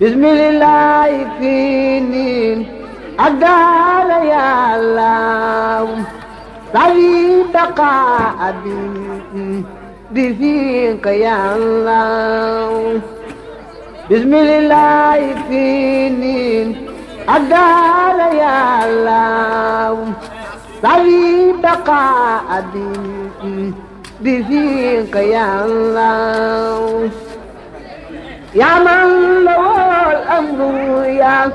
بسم الله فيني أدار يا الله طريق بقاء بفيك يا الله بسم الله فيني أدار يا الله طريق بقاء بفيك بفيق يا الله يا من له الأمر يا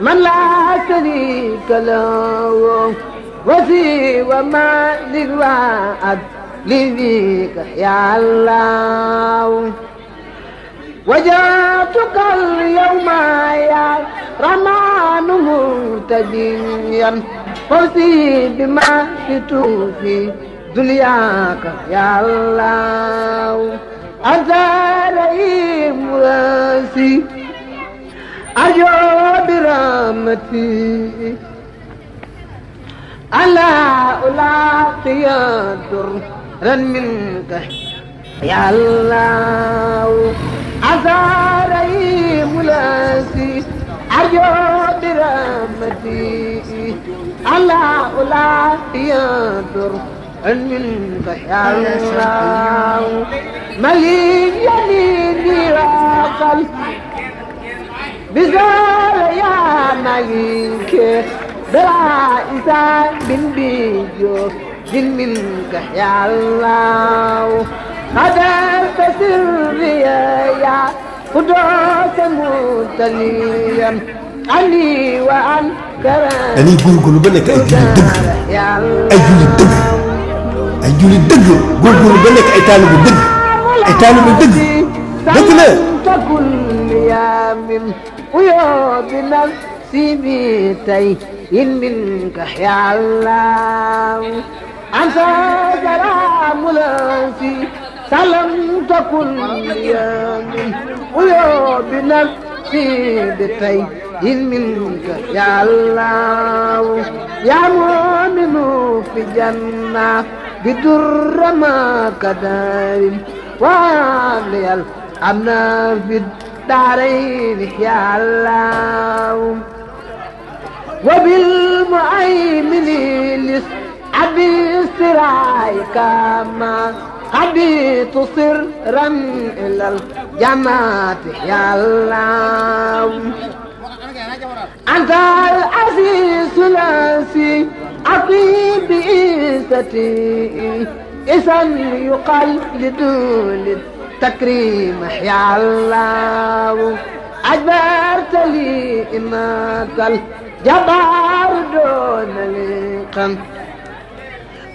من لا شريك له وسوى ما للوعد لذيك يا الله وجاتك اليوم يا رمان مهتديا فوزي بما تتوفي دنياك يا الله أنت رئيم واسي أرجو برامتي ألا ألاقي درا منك يا الله أنت رئيم واسي أرجو برامتي ألا ألاقي درا من بحارنا مليك يميني وقل بزال يا مليك بلا إذا من بيجو من منك يا الله قدرت سري يا قدرت متليا عني وعن كرامي أني بقول قلوبنا كأجل الدم أجل الدم ay jullit dëgg góorgóorlu ba nekk ay taalibu dëgg ay taalibu dëgg dëgg la يا مؤمن في جنة بدر ما قدر وعلي الأمن في الدارين يا الله وبالمؤمن لسعبي سرايك ما قديت سرا إلى الجماعة يا الله أنت العزيز الأسير عطي بإيستي إذا يقال لدول التكريم يا الله أجبرت لي إمات جبار دون لقم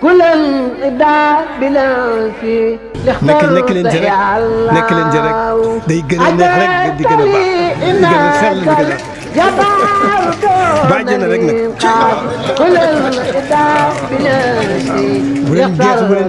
كل الإداء بلاسي لكن لكن انت لكن انت day gën a neex بعدين رجلك كل يا متكبر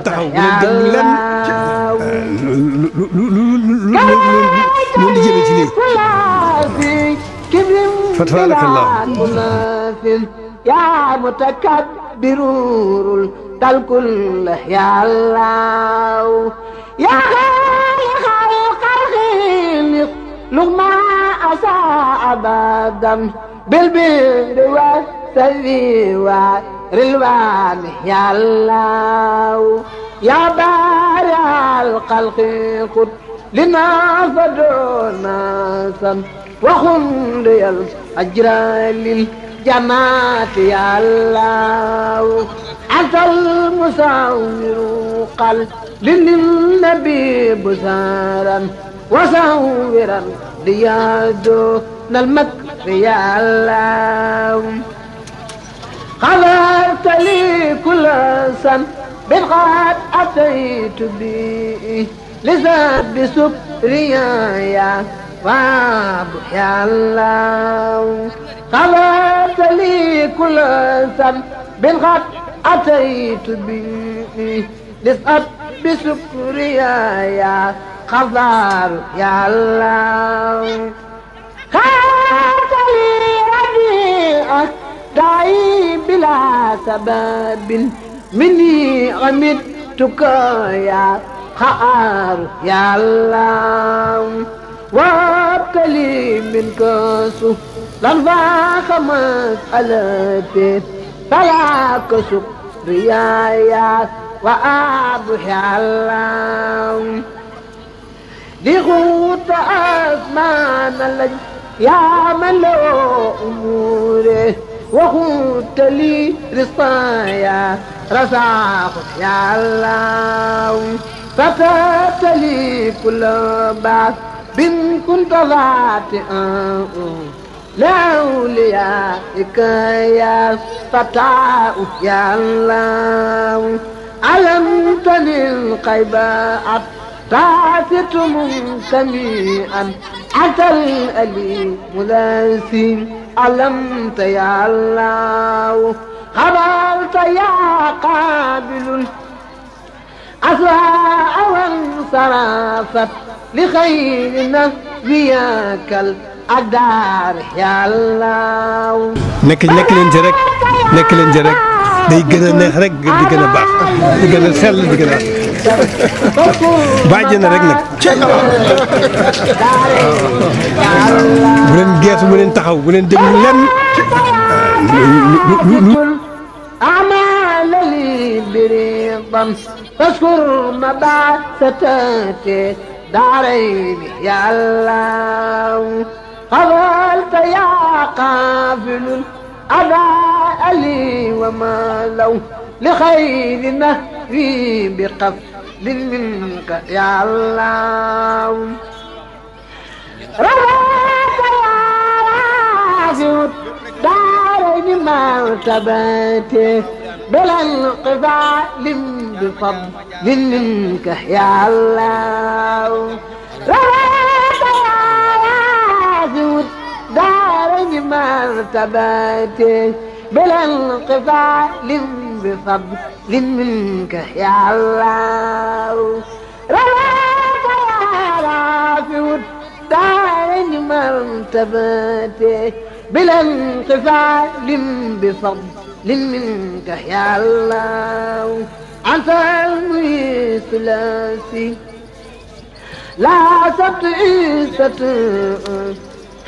تل كل يا الله يا خالق الخلق لغمان أصاب الدم بالبيض والثري والرلوان يا الله يا بارع الخلق قد لنا فدعونا سم وخند الأجر للجماعة يا الله أنت المساور قل للنبي بسارا وساورا رياض المكر يا الله غفرت لي كل سن بالغاد أتيت بي لزاد بسكريا يا وابو يا الله غفرت لي كل سن بالغاد أتيت بي لزاد بسكريا يا الخضار يا الله خاف لي ربيعك دعي بلا سبب مني عمدتك يا خار يا الله وابتلي منك سهلا فخمت ألتي فلا كسب ريايا وأبحي الله لغوت أزمان الذي يعمل أموره وغوت لي رصايا رزاق يا الله فتات لي كل بعث بن كنت ذاتئا لأوليائك يا فتاة يا الله علمتني القيبات فعثت منتميئا أتى الأليم لاسم علمت يا الله خبرت يا قابل أسرى وانصرفت لخير نبياك الأدار يا الله نكل نكل انجرك نكل انجرك دي جنا نهرك دي جنا باخ دي جنا سل دي جنا bàjjana rek nag bu leen geesu bu leen taxaw bu leen déglu lenn أعمال لي بريضا فاذكر مبعثتك دارين يا الله قبلت يا قافل أداء لي وما لو لخير نهري بقفل منك يا الله رواك يا رازي الدارين مرتبتي بلا انقبال بفضل منك يا الله رواك يا رازي الدارين مرتبتي بلا انقبال بفضل منك يا الله رواك يا رافع الدار مرتبته بلا انقفال بفضل منك يا الله أنت ثلاثي لا تطعي تطعي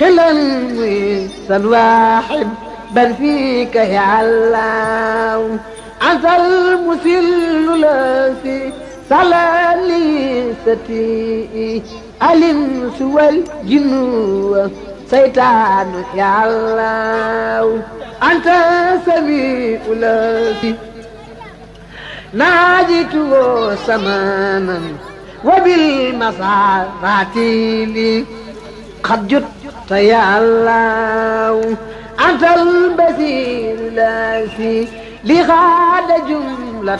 خلال ويسا واحد بل فيك يا الله عسى المسل لاسي سلاليستي الانس والجن سيطان يا الله انت سبيل لاسي ناجت سمانا وبالمصارات لي قد جدت يا الله انت البصير لاسي لغال جملة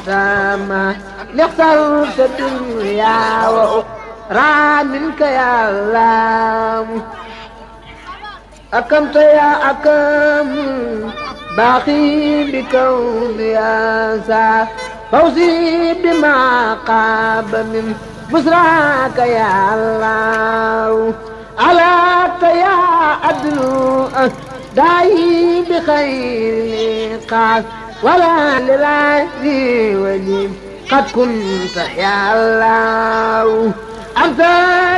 ما لاخترت الدنيا وأخرى منك يا الله أكمت يا أكم باقي بكون يا سا فوزي بما قاب من بسراك يا الله علاك يا عدل داعي بخير قاس ولا للعدي ولي قد كنت يا الله أنت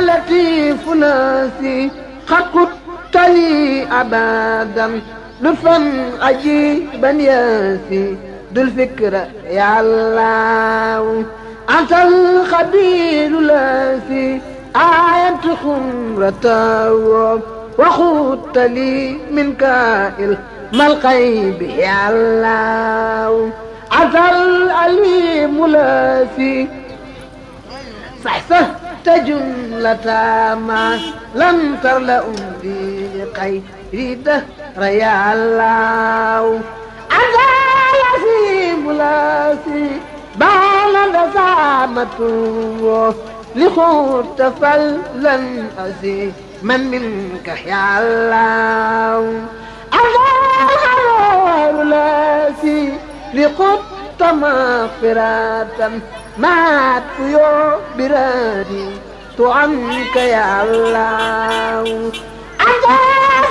لطيف ناسي قد كنت لي أبدا لطفا عجيبا ياسي ذو الفكرة يا الله أنت الخبير لاسي أعينت خمرة وخدت لي من كائل ما الغيب يا الله عثر الأليم لاسي صحصح تجملة ما لم تر لأم بقير دهر يا الله عثر الأليم لاسي بان دسامته لخوت فلن أسي من منك يا الله لقد لقدت مغفرة مع طيور بلادي عنك يا الله أنت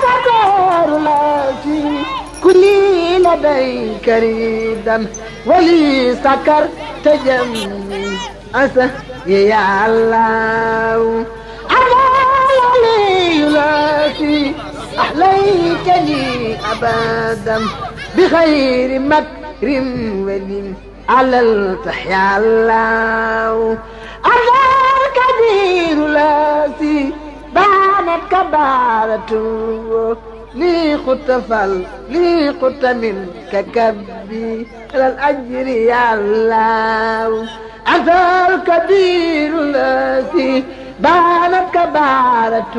شكر لاسي كلي لديك ريدا ولي سكرت جنبي أسا يا الله أحليك لي لكن أبدا بخير مكر ودين على التحيا الله أرضى كبير لاسي بانت كبارة لي خطفل لي خط من ككبي على الأجر يا الله أرضى كبير لاسي بانت كبارة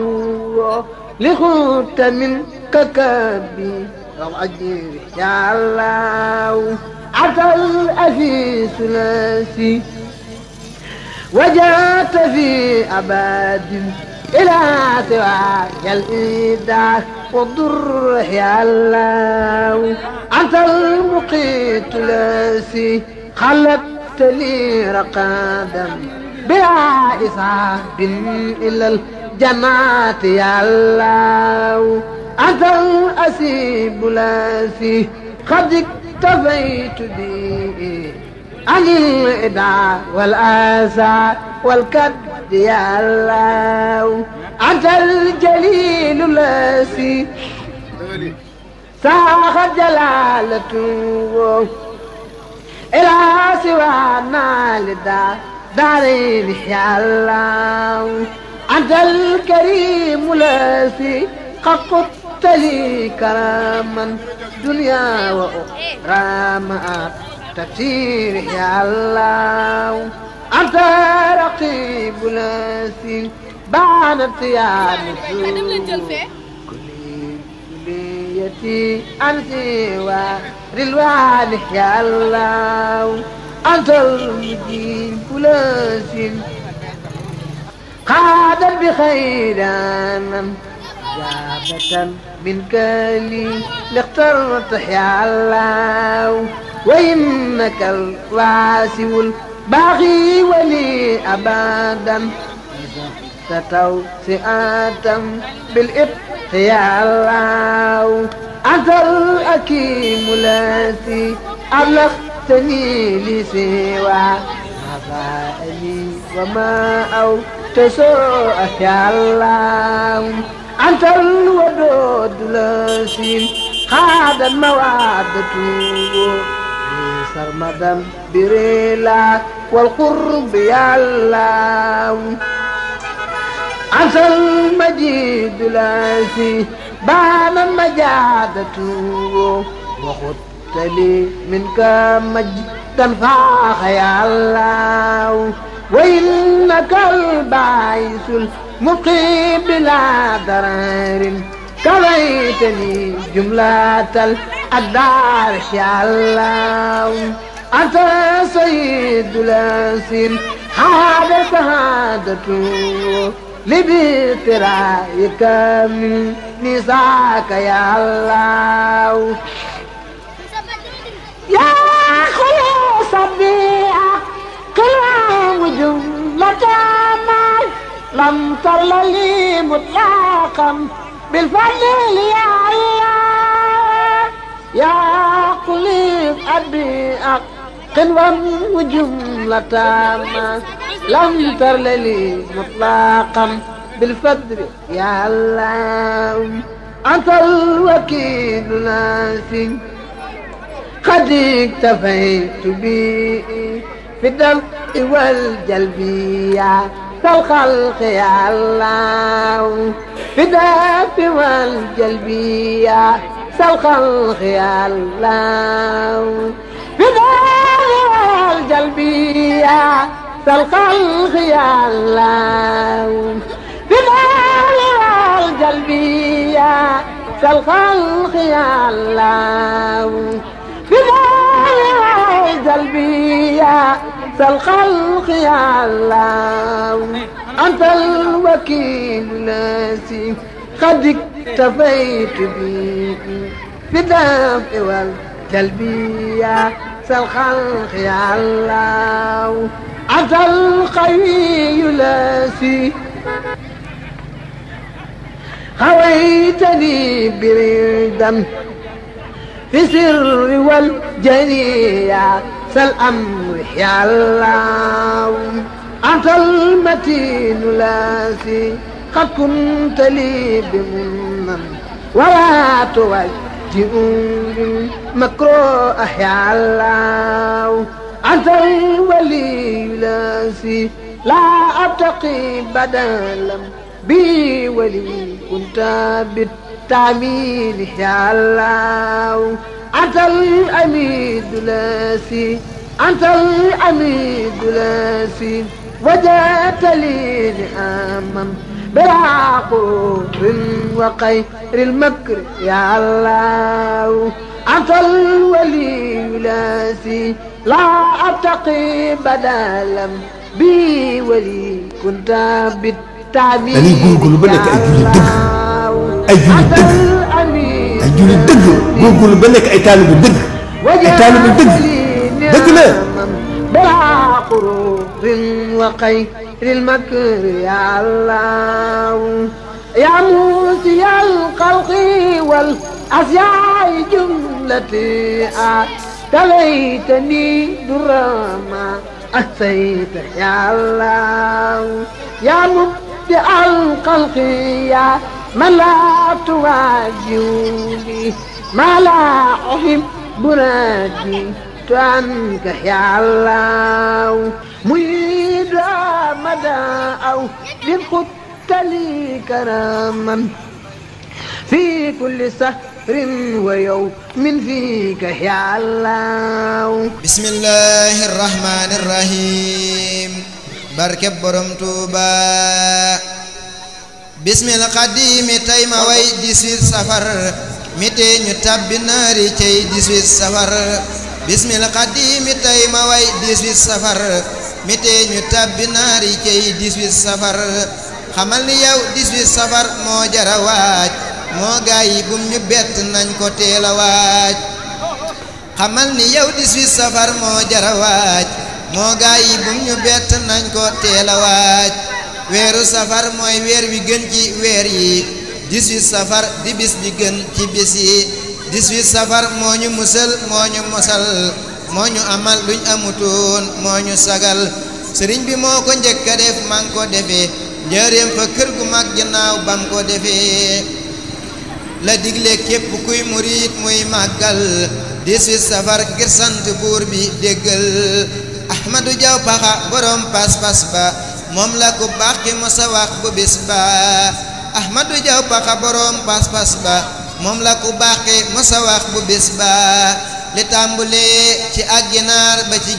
لي خط من ككبي الرجيم يا الله عطل أفي ثلاثي وجات في أباد إلى سواك الإيداع والضر يا الله أنت المقيت لاسي خلقت لي رقادا بلا إصاب إلى الجماعة يا الله أثر أسيب لاسي قد اكتفيت به عن الإدعاء والآسى والكد يا الله أتى الجليل لاسي ساخ جلالته إلى سوى لدى دارين يا الله أنت الكريم لاسي قد وهبت لي كراما دنيا وأخرى مع تسير يا الله أنت رقيب ناسي بعنت يا نسول أنت ورلوان يا الله أنت المجيب ناسي قادا بخيرا جابة من كالي لاخترت تحيا الله وإنك الواسع والباغي ولي أبدا توسعة بالإبت يا الله أنت الأكيم الذي أبلغتني لسوى عفاني وما أو تسوء يا الله أنت الودود لسين خاد المواد سرمدا بريلا والقرب يا الله أنت المجيد لسين بان المجادة وخدت لي منك مجدا فاخ يا الله وإنك البعيس المقيم بلا ضرر كليتني جملة الأدار شاء الله أنت سيد الأسير هذا لبيت رأيك من نساك يا الله يا خلص بيئة وجملة ما لم تر لي مطلقا بالفضل يا الله يا قليل أبي أقل وجملة ما لم تر لي مطلقا بالفضل يا الله أنت الوكيل ناسي قد اكتفيت بي في الدم والجلبية كالخلق يا الله في الحق والجلبية كالخلق يا الله في الحق والجلبية كالخلق يا الله في الحق والجلبية كالخلق يا الله في الحق والجلبية أنت الخلق يا الله أنت الوكيل ناسي قد اكتفيت بيك في الدم والتلبية الخلق يا الله أنت القوي ناسي هويتني بردم في سر والجنية فالأمر يا الله أنت المتين لاسي قد كنت لي بمنن ولا توجئون مكروه يا الله أنت الولي لاسي لا أبتقي بدلا بي ولي كنت بالتعميل يا الله أنت الأمير لاسي أنت الأمير لاسي وجاءت لي أمام بعقوب وخير المكر يا الله أنت الولي لاسي لا أتقي بدلا بي ولي كنت بالتعبير أنا يقول قلوبنا كأجل الدم أجل الدم ak jullit dëgg góorgóorlu ba nekk ay taalibu dëgg ay taalibu dëgg dëgg la وخير المكر يا الله يا موسي الخلق والأسياء جملتي تليتني دراما أحسيت يا الله يا مبدع الخلق يا لا وجودي ما لا أهم بنادي تنكح يا الله مريد مدى أو بالخط لي كراما في كل سهر ويوم من فيك يا الله بسم الله الرحمن الرحيم بركب برمتوبا bismil xadiimi tey ma way 18 safar mi tee ñu tàbbi naari cey 18 safar bismil xadiimi tey ma way 18 safar mi ñu tàbbi naari cey 18 safar xamal ni yow 18 safar moo jara waaj moo gaa yi ñu bett nañ ko teel a waaj xamal ni yow 18 safar moo jara waaj moo gaa yi ñu bett nañ ko teel waaj weeru safar moy wer wi gën ci wer yi 18 safar di bis di gën ci bis yi 18 safar moñu musal moo ñu amal luñ amutoon moñu sagal sëriñ bi moko ko njëkk def man ko defee njëreem fa kër gu mag ginaaw bam ko defee la diglé képp kuy murit muy magal 18 safar ngir sant buur bi déggal Ahmadou jaw Pakha borom pas-pas ba mom la ku baax ki sa wax bu ahmadu jaw pa khabarom pas-pas ba mom la ku baax ki sa wax bu bis ba li tambule ci aginar ba ci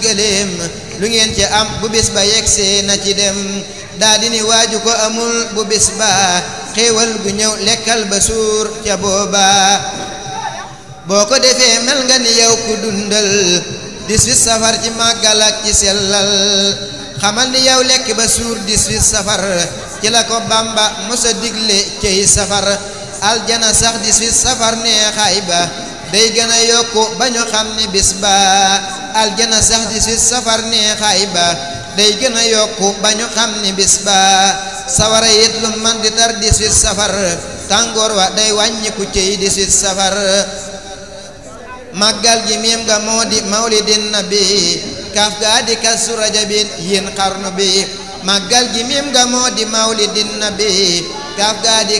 lu ngeen ci am bu bisba ba na ci dem dadi ni waju ko amul bu bisba ba xéewal gu ñëw lekkal ba suur ci boba boko ko mel nga ni yow ku dundal 18 safar ci ci selal xamal ni yow lekk ba suur dix-huit safar ci la ko bàmba mosa digle cey safar aljana sax dix-huit safar neexaay ba day gën a yokku ba ñu xam ni bis ba aljana sax dix-huit safar neexaay ba day gën a yokku ba ñu xam ni bis ba sawara it lu man di tar dix-huit safar tàngoor wa day wàññiku cey dix-huit safar màggal gi miim nga moo di mawlidin nabi di kasuraja jabin yin bi magal gimim gamo di maulidin nabi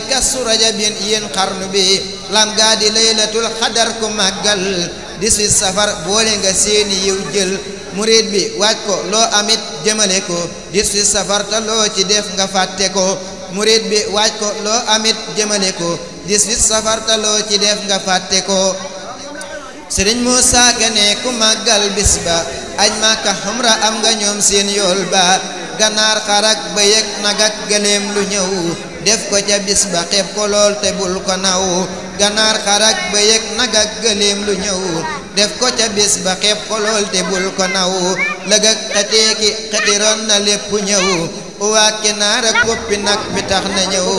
kasura jabin yin bi lam gadi laylatul qadar ko magal diswi safar bole nga seeni yew jël murid bi waaj ko lo amit jëmale ko diswi safar ta lo ci def nga fatte ko murid bi waaj ko lo amit jëmale ko diswi safar ta lo ci def nga fatte ko sëriñ musa ku magal bisba aj màkka xumra am nga ñoom seen yool ba ganaar xarak ba yëg nagak gëléem lu ñëw def ko ca bis ba xeb ko lool te bul ko naw ganaar xarak ba yëg nagak gëléem lu ñëw def ko ca bis ba xeb ko lool te bul ko naw lëgak xeteeki xetiroon na lépp ñëw uwaat kinaar ak koppi nag bi tax na ñëw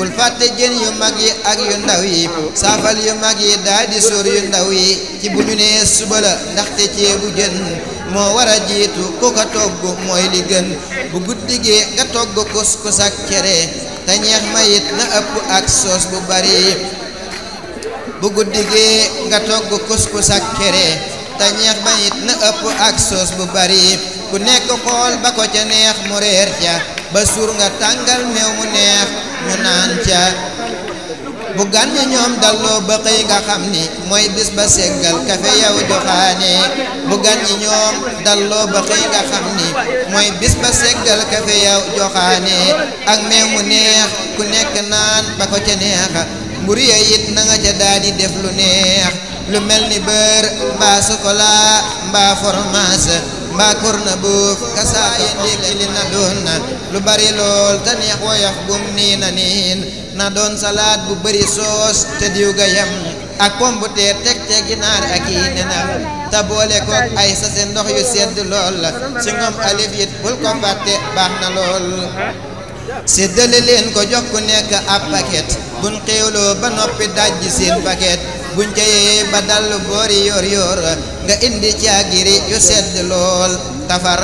bul fàtte jën yu mag yi ak yu ndaw yi saafal yu mag yi daal di sóor yu ndaw yi ci bu ñu nee suba la ndaxte ceebu jën moo war a jiitu ku ko togg mooy li gën bu guddigee nga togg kuskus ak cere te ñeex ma it na ëpp ak soos bu bari bu ku nek xol ba ko ca neex mu reer ca ba sur nga tangal meew mu neex mu naan ca bu gan ñi ñoom dalloo ba xey nga xamni moy bis ba seggal kafe yow joxaane bu gan ñi ñoom dalloo ba xey nga xamni moy bis ba seggal kafe yow ak meew mu neex ku nek naan ba ko ca ya neex na nga ca def lu neex lu melni beur sokola mbaa kur na buuf kasaayi ndékki li na doon na lu bari lool te neex woyof gum nii na niin na doon salaat bu bari soos te diw ga yem ak pomputeer teg te ginaar ak yi nenam te boole ko ay sase ndox yu sedd lool si ngom alif yit bul ko fàtte baax na lool séddale leen ko jox ku nekk ab paquet buñ xéewloo ba noppi dajji seen paquet buñ jëyee ba dal boori yor yor nga indi caagiri yu sedd lool tafar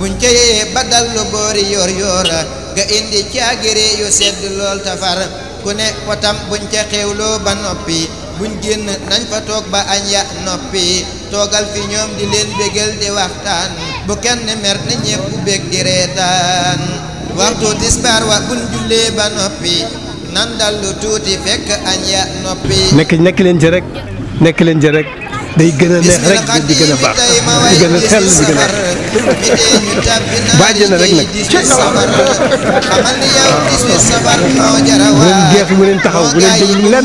buñ jëyee ba dal boori yor yor nga indi caagiri yu sedd lool tafar ku ne watam buñ ca xéewloo ba noppi buñ génn nañ fa toog ba añ ya noppi toogal fi ñoom di leen bégal di waxtaan bu kenn mer na ñépp di reetaan Waktu disbar wa buñ jullee ba noppi nan dallu tuuti fekk añ ya noppi nek nek len ci rek nek len ci rek day gën neex rek di gën a baax di gën a di gën baaje na rek nag bu leen geesu bu leen taxaw bu leen déglu len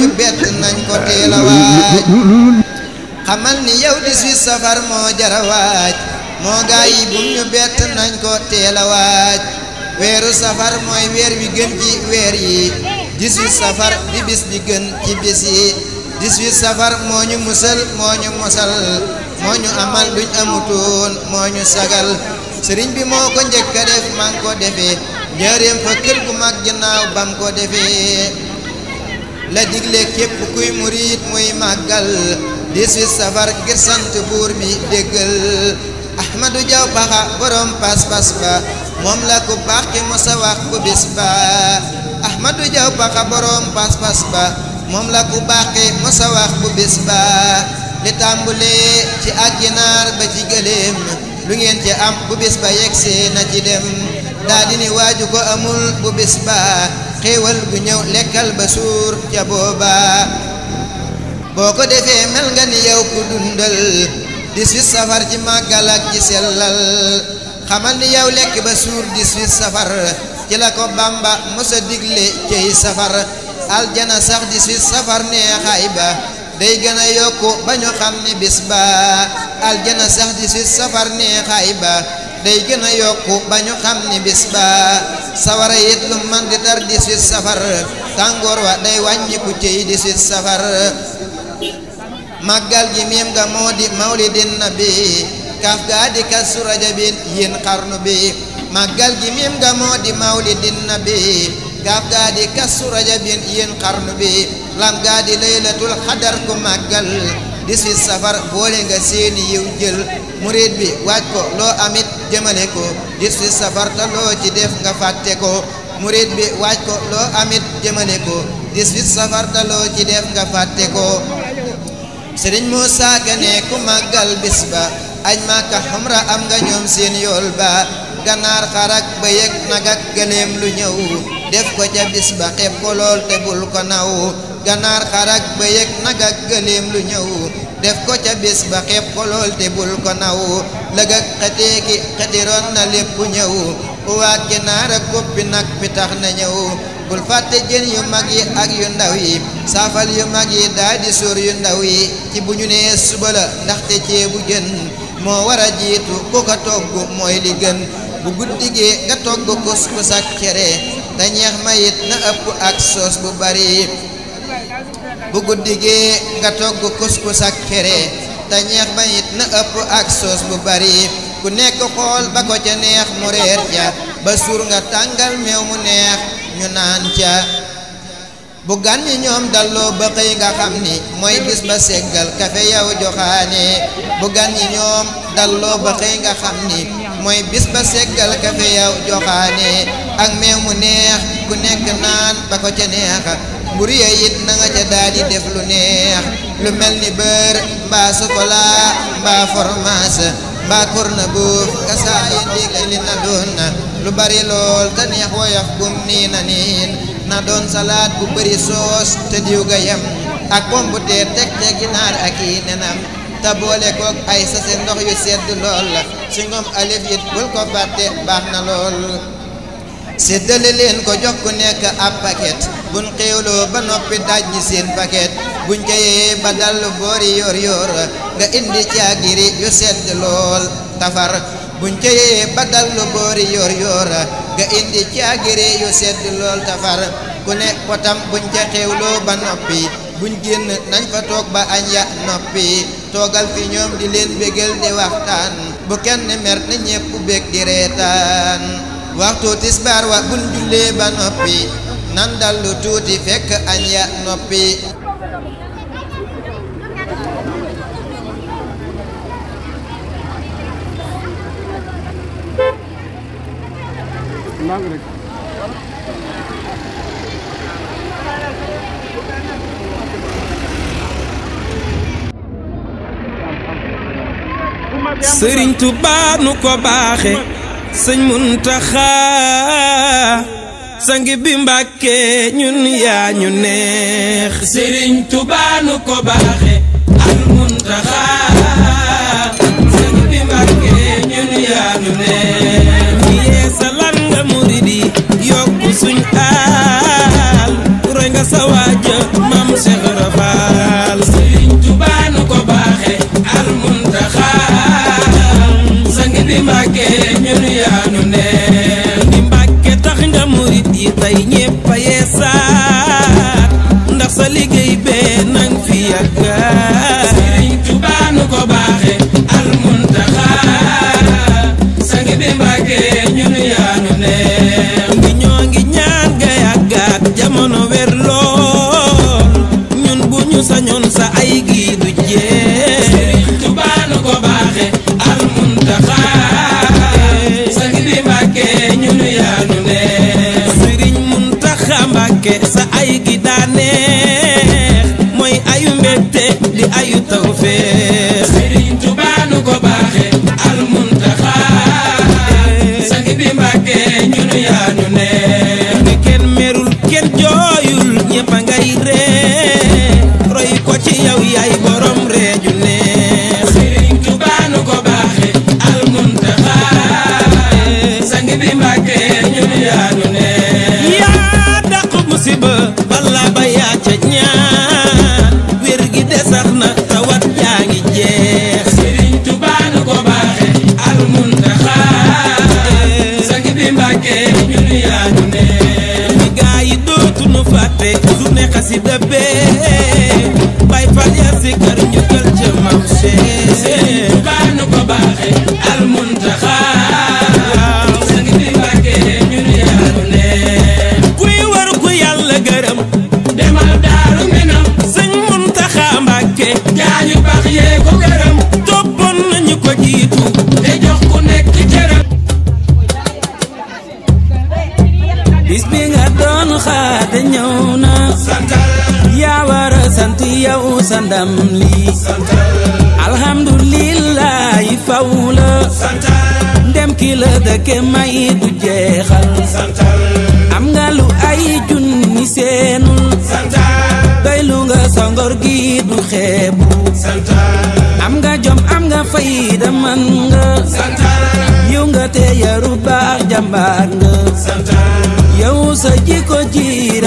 xamal ni yow di si safar mo jara waaj moo gaa bu ñu bet nañ ko teel waaj weeru safar moy weer wi gën ci weer yi 18 safar bi bis bi gën ci bis yi 18 safar moñu musal moñu musal moñu amal duñ amutoon moñu sagal sëriñ bi moko ko def man ko defee njëriñ fa kër gu mag ginaaw bam ko defee la diglé képp kuy murit moy magal 18 safar ngir sant buur bi déggal Ahmadou jaw baxa borom pass pass ba moom la ku baax ki ahmadu jaw paxa borom pas-pas ba moom la ku baax ki mos wax ku bis ba li ci akinar ba ci gelem lu ngeen ci am bu ba na ci dem ko amul bu bis ba lekal gu ñew lekkal ba sur ja boba boko defé mel nga ni yow ku dundal di ci safar ci magal ak ci selal xamal ni yow lekk ba suur dix-huit safar ci la ko bamba mosa digle cey safar aljana sax dix-huit safar neexaay ba day gën a yokku ba ñu xam ne bis ba aljana sax dix-huit safar neexaay ba day gën a yokku ba ñu xam ne bis ba sawara it lu man di tar safar tàngoor wa day wàññiku cey dix-huit safar màggal gi nga moo di mawlidin nabi Kaf di kasuraja bin yin bi magal gimim gamo di maulidin nabi Kaf kafgadi bin yin bi lam gadi laylatul qadar ko magal disi safar bole nga seeni yiw jël murid bi waaj ko lo amit jamaneko ko disi safar ta lo ci def nga fatte ko murid bi waaj ko lo amit jamaneko ko disi safar ta lo ci def nga fatte ko Serigne musa Gane ku bisba bisba Ajma ka hamra am nga ñom seen yool ba ganaar xarak ba yek nagak gelem lu ñew def ko ca bis ba xeeb ko lol te bul ko naw ganaar xarak ba yek nagak gelem lu ñew def ko ca bis ba xeeb ko lol te bul ko naw lëg ak xëteeki xëtiroon na lépp ñëw uwaat ganaar ko pi nak pi tax na ñew bul fatte jeen yu magi ak yu ndaw yi safal yu magi daadi sur yu ndaw yi ci buñu ne suba la ci bu jeen moo war a jiitu ku ko togg mooy li gën bu guddigee nga togg kuskus ak na ëpp bu bari bu guddigee nga togg kuskus ak cere te ñeex ma it na ëpp ak soos bu bari ku nekk xool ba ko ca neex mu reer ca ba suur nga tàngal meew mu neex ñu naan ca bu gan ñi ñoom dallo ba xey nga xamni moy bis ba seggal kafe yow joxani bu gan ñoom dallo ba xey nga xamni moy bis ba seggal kafe yow joxani ak meew mu neex ku nekk naan ba ko ci neex mburi ya na nga ca daali def lu neex lu melni ni ba mbaa sokola ba fromage ba korna bu nga saa yi na lu bari lol tan neex woyof gum ni nanin na doon salaat bu bëri soos te diw ga yem ak pomputeer teg te ginaar ak i nenam te kook ay sase ndox yu sedd lool si ngom alif it bul ko fàtte baax na lool séddale leen ko jox ku nekk ab paquet buñ xéewloo ba noppi daj seen paquet buñ ko yee ba dal boori yor yor nga indi caagiri yu sedd lool tafar buñ ceyee badal lu boori yor yoora nga indi caagire yu sedd lool tafar ku ne potam buñ ca xewloo ba noppi buñ génn nañ fa toog ba añ noppi toogal fi ñoom di leen bégal di waxtaan bu kenn mer na ñépp bég di reetaan waxtu tisbaar wa buñ jullee ba noppi nan dal lu tuuti fekk añ noppi ndànk rek. sëriñ Tuubaa nu ko baaxe sëñ Muntaxa sang bi Mbàkke ñun yaa ñu neex. Sëriñ Seexra Faal Sëriñ Tuubaa nu ko baaxe al muntaxa sang di màkke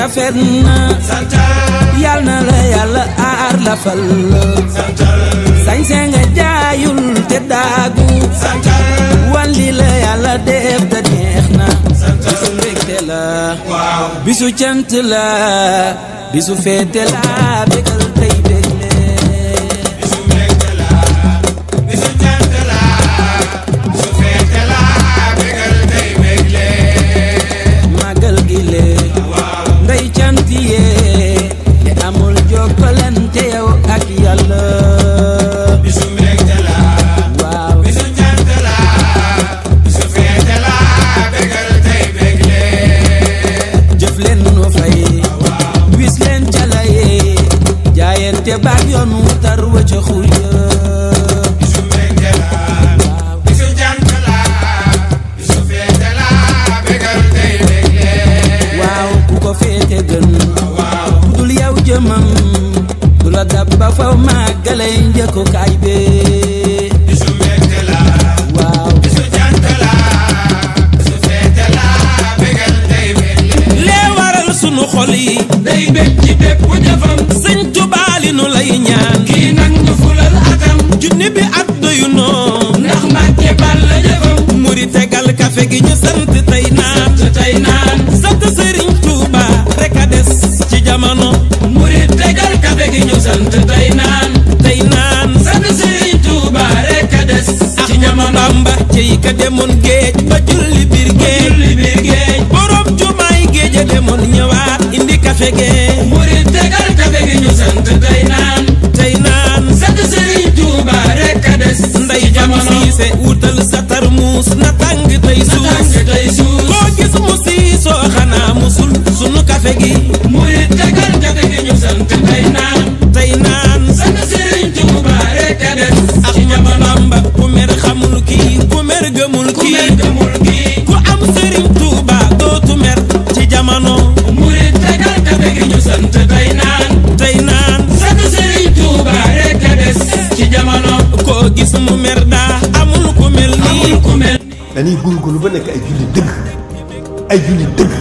rafet na yal na la yàlla aar la fal sañse nga jaayul te daagu walli la yàlla def te neex na bisu mbégte la bisu cant la bisu féete la fa màggale njëkkukaay sunu xol yi day bég ci bépp jëfam sëñ tubaali lay ñaan kii nag ñu fulal atam junni bi ak doyu noo ndax Mbàkke bal jëfam muri tegal kafe gi ñu sant tey naan sant sëriñ Tuuba rek a des ci jamono muri tegal kafe gi ñu sant ka demoon géej ba julli biir géej borom jumaay géej a demoon ñëwaat indi kafe ge murit tegal kafe gi ñu sant tey naan tey naan sant Sëriñ Tuuba rek ka des ndey jamono siise wutal sa tarmuus na tàng tey suus koo gis mu siisoo xanaa musul sunu kafe gi murit gis mu mer daa amul ku mel nii ku mel dañuy ba nekk ay julli dëgg ay julli dëgg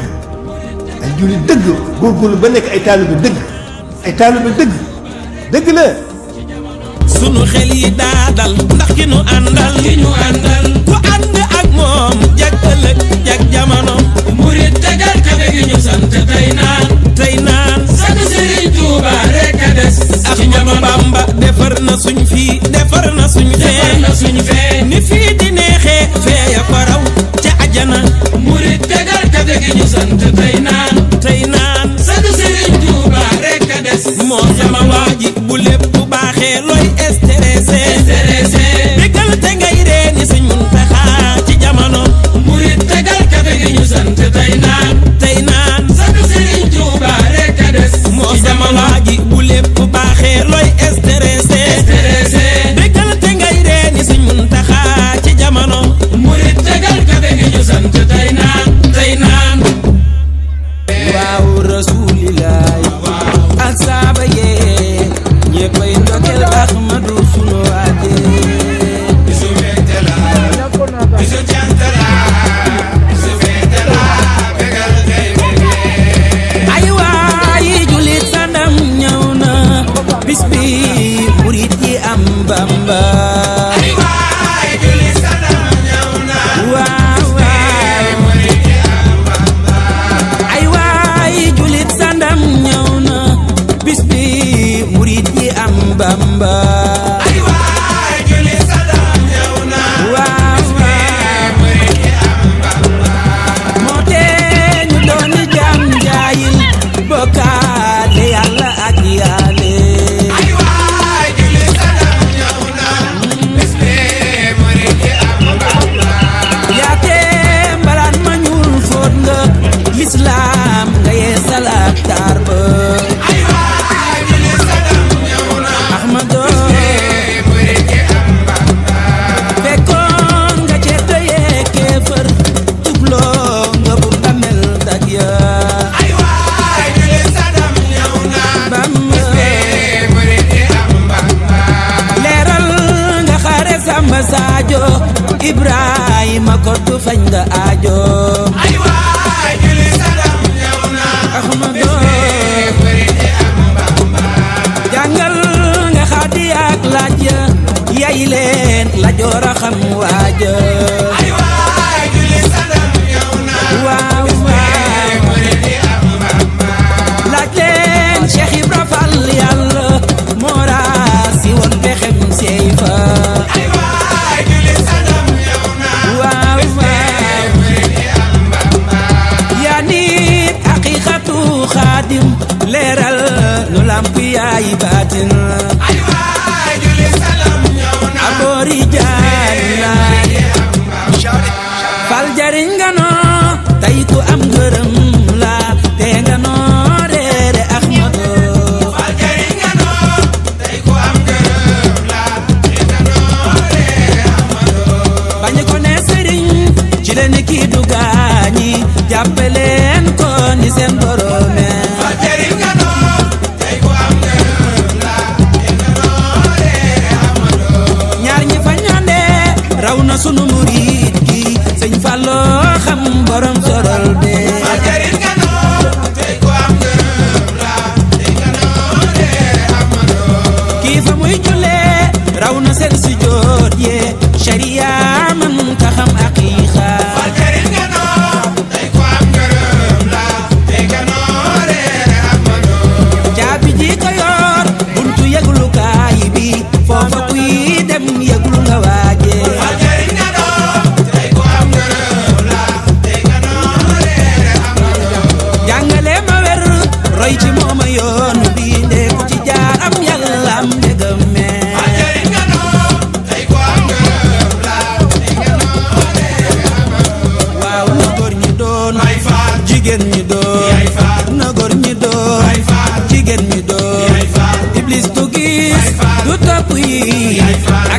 ay julli dëgg góorgóorlu ba nekk ay taalibe dëgg ay taalibe dëgg dëgg la sunu xel yi daa ndax ki nu àndal ku ànd ak moom jag ëllëg jag jamono murit tegal kafe gi ñu sal ci njama bamba defar na suñ fii defar na suñ fee ni fii di neexee fee ya ca ajana murit tegal ka tegi ñu sant tey naan tey naan sant Sëriñ Tuuba rekk a des moo sama waaji bu lépp bu baaxee looy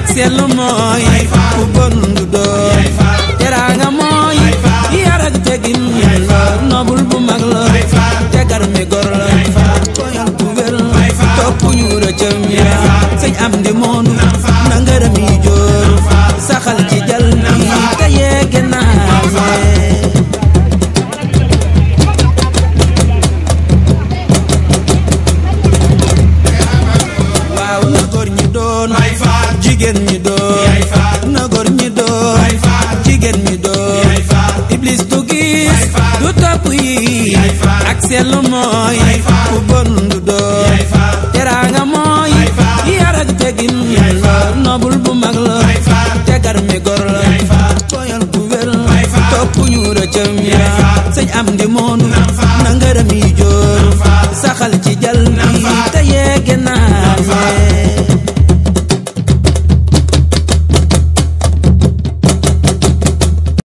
ak mooy ku bon du door teraanga mooy yar ak tegin la nobul bu mag la jagar mi gor la toyal bu wér topp ñu rëccëm ya sëñ am